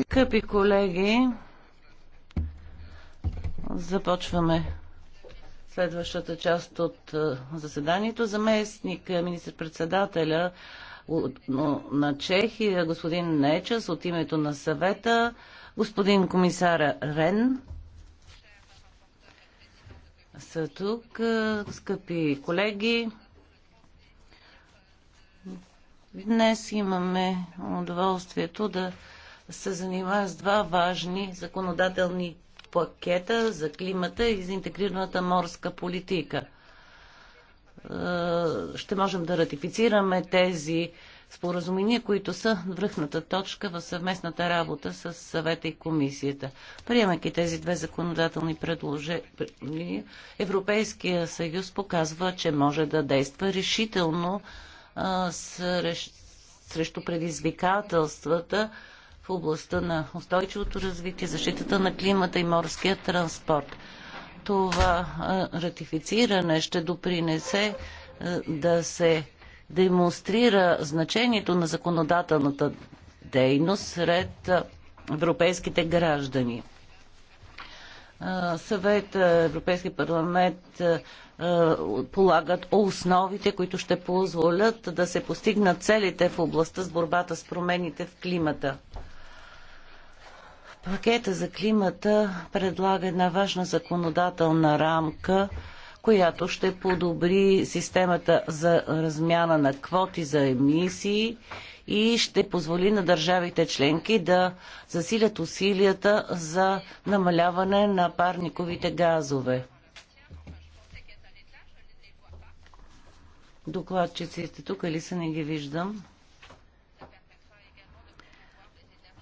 Скъпи колеги, започваме следващата част от заседанието. Заместник министр-председателя на Чехия, господин Нечес, от името на съвета, господин комисара Рен са тук, скъпи колеги. Днес имаме удоволствието да се занимаваме с два важни законодателни пакета за климата и за интегрираната морска политика. Е, ще можем да ратифицираме тези споразумения, които са връхната точка в съвместната работа с съвета и комисията. Приемайки тези две законодателни предложения, Европейския съюз показва, че може да действа решително срещу предизвикателствата в областта на устойчивото развитие, защитата на климата и морския транспорт. Това ратифициране ще допринесе да се демонстрира значението на законодателната дейност сред европейските граждани съвет, Европейски парламент полагат основите, които ще позволят да се постигнат целите в областта с борбата с промените в климата. Пакета за климата предлага една важна законодателна рамка, която ще подобри системата за размяна на квоти за емисии и ще позволи на държавите членки да засилят усилията за намаляване на парниковите газове. Докладчиците тук или са? Не ги виждам.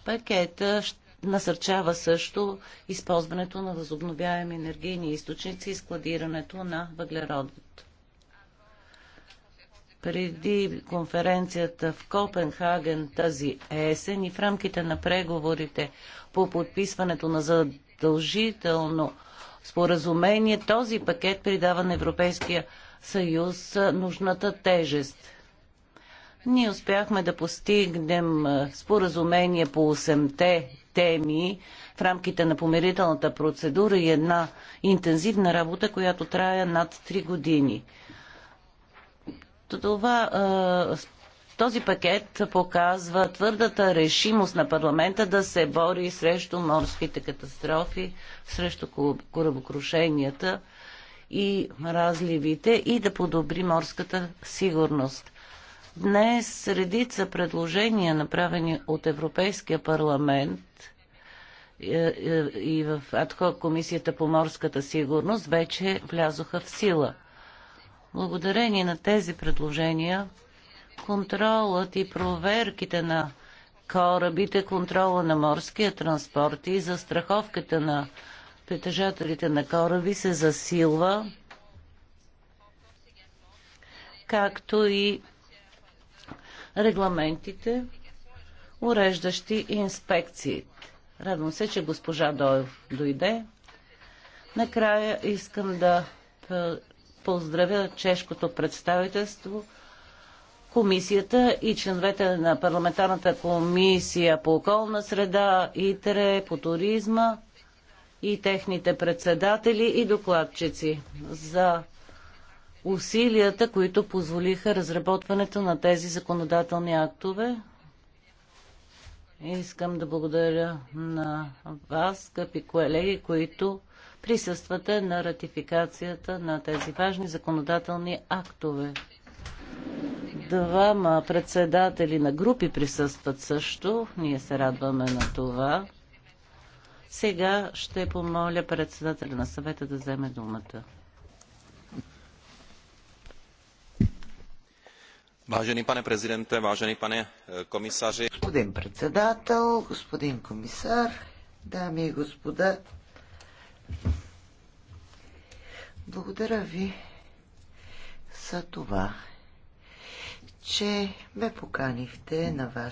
Пакета насърчава също използването на възобновяеми енергийни източници и складирането на въглеродното преди конференцията в Копенхаген тази есен и в рамките на преговорите по подписването на задължително споразумение, този пакет придава на Европейския съюз нужната тежест. Ние успяхме да постигнем споразумение по 8-те теми в рамките на помирителната процедура и една интензивна работа, която трая над 3 години. Това, този пакет показва твърдата решимост на парламента да се бори срещу морските катастрофи, срещу корабокрушенията и разливите и да подобри морската сигурност. Днес редица предложения, направени от Европейския парламент е, е, и в Адхок комисията по морската сигурност, вече влязоха в сила. Благодарение на тези предложения, контролът и проверките на корабите, контрола на морския транспорт и застраховката на притежателите на кораби се засилва, както и регламентите, уреждащи инспекциите. Радвам се, че госпожа Дойв дойде. Накрая искам да поздравя чешкото представителство, комисията и членовете на парламентарната комисия по околна среда, ИТРЕ, по туризма и техните председатели и докладчици за усилията, които позволиха разработването на тези законодателни актове. Искам да благодаря на вас, скъпи колеги, които присъствате на ратификацията на тези важни законодателни актове. Двама председатели на групи присъстват също. Ние се радваме на това. Сега ще помоля председателя на съвета да вземе думата. Важени пане президенте, важени пане е, комисари. Господин председател, господин комисар, дами и господа, Благодаря ви за това, че ме поканихте на ваш